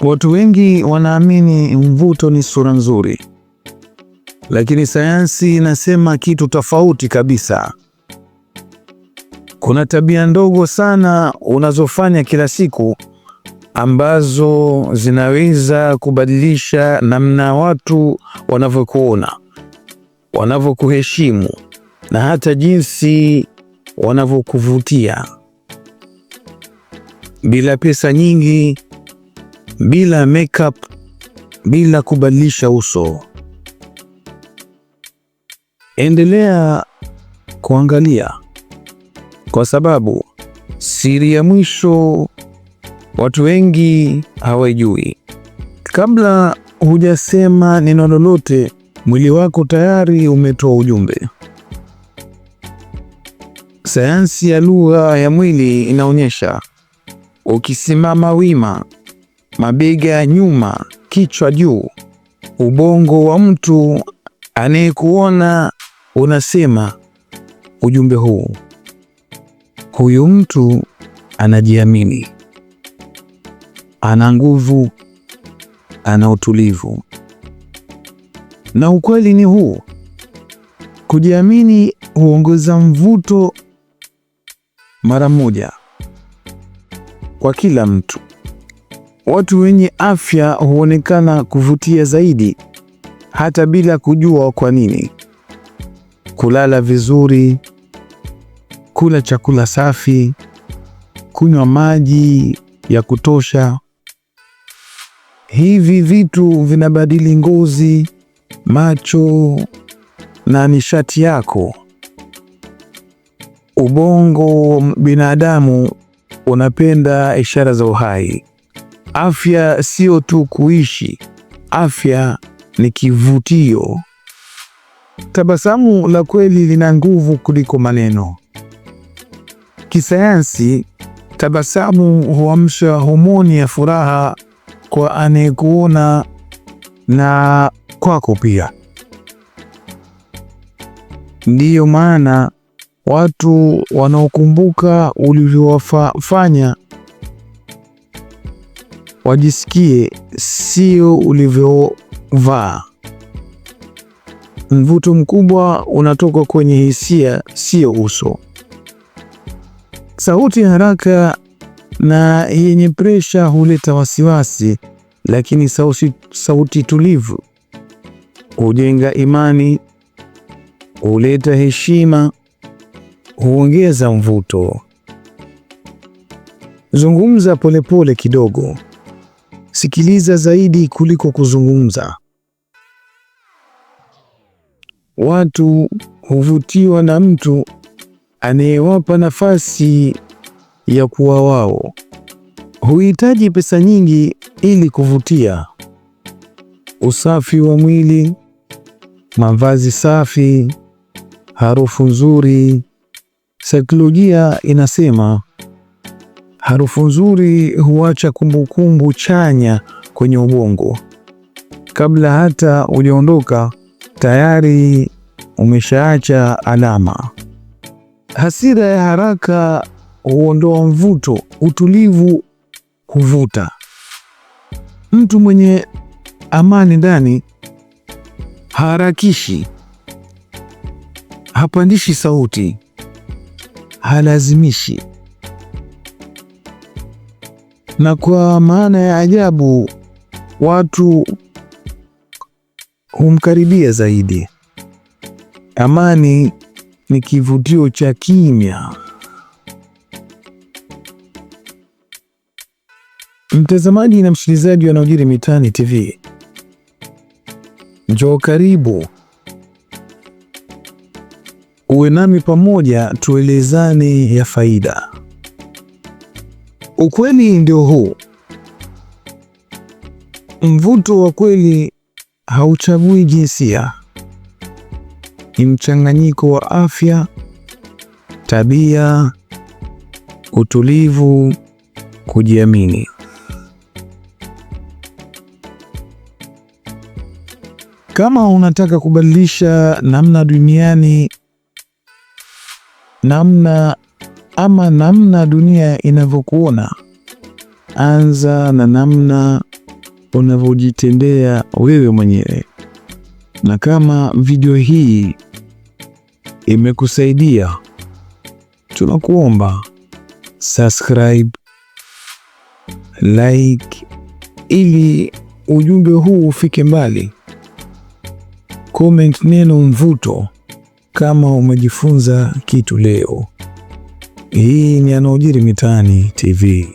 Watu wengi wanaamini mvuto ni sura nzuri, lakini sayansi inasema kitu tofauti kabisa. Kuna tabia ndogo sana unazofanya kila siku ambazo zinaweza kubadilisha namna watu wanavyokuona, wanavyokuheshimu na hata jinsi wanavyokuvutia. Bila pesa nyingi bila makeup, bila kubadilisha uso. Endelea kuangalia kwa sababu siri ya mwisho watu wengi hawajui. Kabla hujasema neno lolote, mwili wako tayari umetoa ujumbe. Sayansi ya lugha ya mwili inaonyesha ukisimama wima mabega ya nyuma, kichwa juu. Ubongo wa mtu anayekuona unasema ujumbe huu, huyu mtu anajiamini, ana nguvu, ana utulivu. Na ukweli ni huu, kujiamini huongeza mvuto mara moja kwa kila mtu. Watu wenye afya huonekana kuvutia zaidi hata bila kujua kwa nini. Kulala vizuri, kula chakula safi, kunywa maji ya kutosha. Hivi vitu vinabadili ngozi, macho na nishati yako. Ubongo binadamu unapenda ishara za uhai. Afya sio tu kuishi, afya ni kivutio. Tabasamu la kweli lina nguvu kuliko maneno. Kisayansi, tabasamu huamsha homoni ya furaha kwa anayekuona na kwako pia. Ndiyo maana watu wanaokumbuka ulivyowafanya wajisikie sio ulivyovaa. Mvuto mkubwa unatoka kwenye hisia, sio uso. Sauti haraka na yenye presha huleta wasiwasi, lakini sauti, sauti tulivu hujenga imani, huleta heshima, huongeza mvuto. Zungumza polepole kidogo, Sikiliza zaidi kuliko kuzungumza. Watu huvutiwa na mtu anayewapa nafasi ya kuwa wao. Huhitaji pesa nyingi ili kuvutia: usafi wa mwili, mavazi safi, harufu nzuri. Saikolojia inasema Harufu nzuri huacha kumbukumbu chanya kwenye ubongo. Kabla hata hujaondoka, tayari umeshaacha alama. Hasira ya haraka huondoa mvuto, utulivu huvuta. Mtu mwenye amani ndani haharakishi, hapandishi sauti, halazimishi na kwa maana ya ajabu watu humkaribia zaidi. Amani ni kivutio cha kimya. Mtazamaji na msikilizaji wa yanayojiri mitaani TV, njoo karibu uwe nami pamoja, tuelezane ya faida Ukweli ndio huu. Mvuto wa kweli hauchagui jinsia, ni mchanganyiko wa afya, tabia, utulivu, kujiamini. Kama unataka kubadilisha namna duniani, namna ama namna dunia inavyokuona. Anza na namna unavyojitendea wewe mwenyewe, na kama video hii imekusaidia, tunakuomba subscribe, like ili ujumbe huu ufike mbali. Comment neno mvuto kama umejifunza kitu leo. Hii ni yanayojiri mitaani TV.